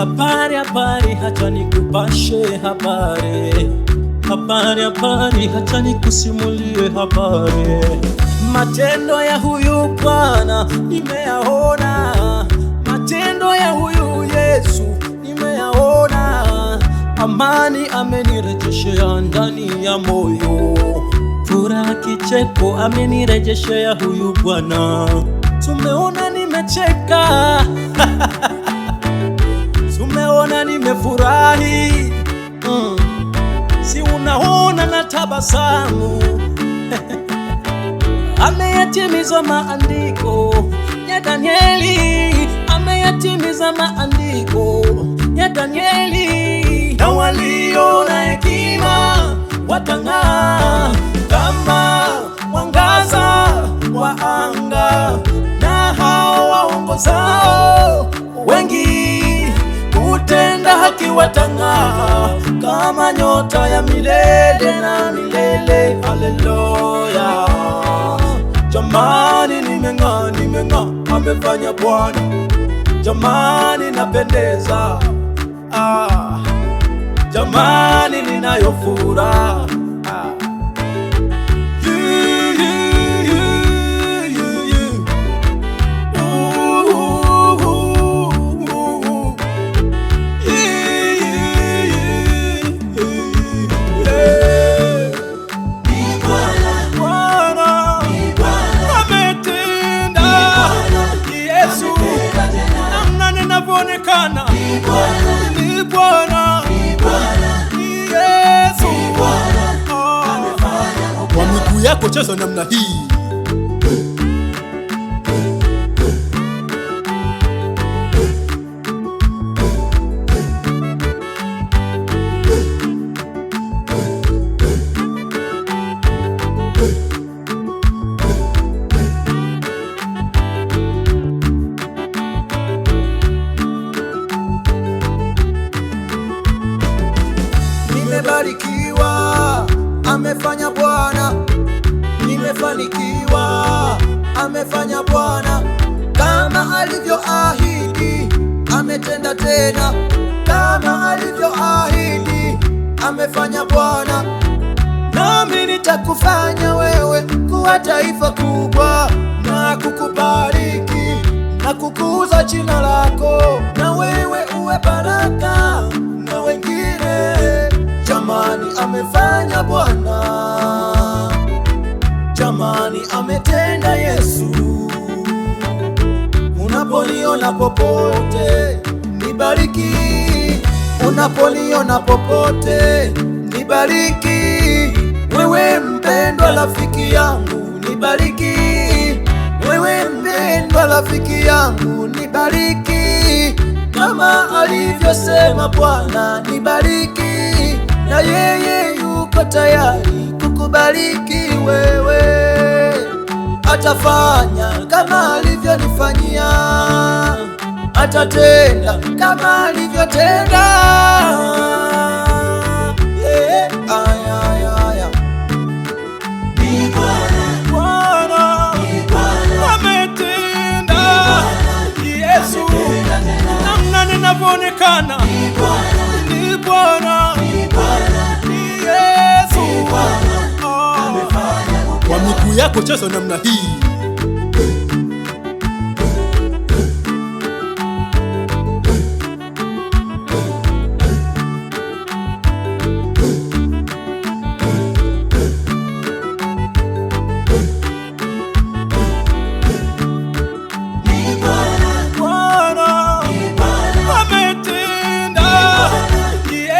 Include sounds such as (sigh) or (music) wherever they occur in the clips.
Habari habari hata nikupashe habari, habari habari hata nikusimulie habari. Matendo ya huyu Bwana nimeyaona, matendo ya huyu Yesu nimeyaona. Amani amenirejeshea ndani ya moyo, furaha, kicheko amenirejeshea huyu Bwana. Tumeona nimecheka (laughs) nimefurahi mm. Si unaona na tabasamu (laughs) ameyatimiza maandiko ya Danieli, ameyatimiza maandiko ya Danieli, na walio na hekima watang'aa kama kiwatang'aa kama nyota ya milele na milele. Haleluya, jamani, nimeng'aa, nimeng'aa, amefanya Bwana, jamani, napendeza ah, jamani, ninayo furaha kuonekana ni Bwana, ni Yesu. Kwa miguu yako cheza namna hii Nimebarikiwa, amefanya Bwana, nimefanikiwa, amefanya Bwana, kama alivyoahidi ametenda tena, kama alivyoahidi amefanya Bwana, nami nitakufanya wewe kuwa taifa kubwa na kukubariki na kukuza jina lako na wewe uwe baraka gani ametenda Yesu. Unapoliona popote nibariki, unapoliona popote nibariki, wewe mpendwa rafiki yangu nibariki, wewe mpendwa rafiki yangu nibariki, kama alivyosema Bwana nibariki, na yeye yuko tayari kukubariki wewe atafanya kama alivyonifanyia, atatenda kama alivyotenda. Yeah, Bwana ametenda, Yesu, namna ninavyoonekana yako cheza namna hii.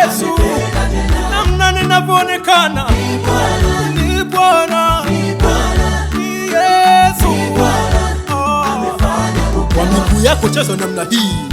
Yesu namna ninavyoonekana ya kuchezwa namna hii.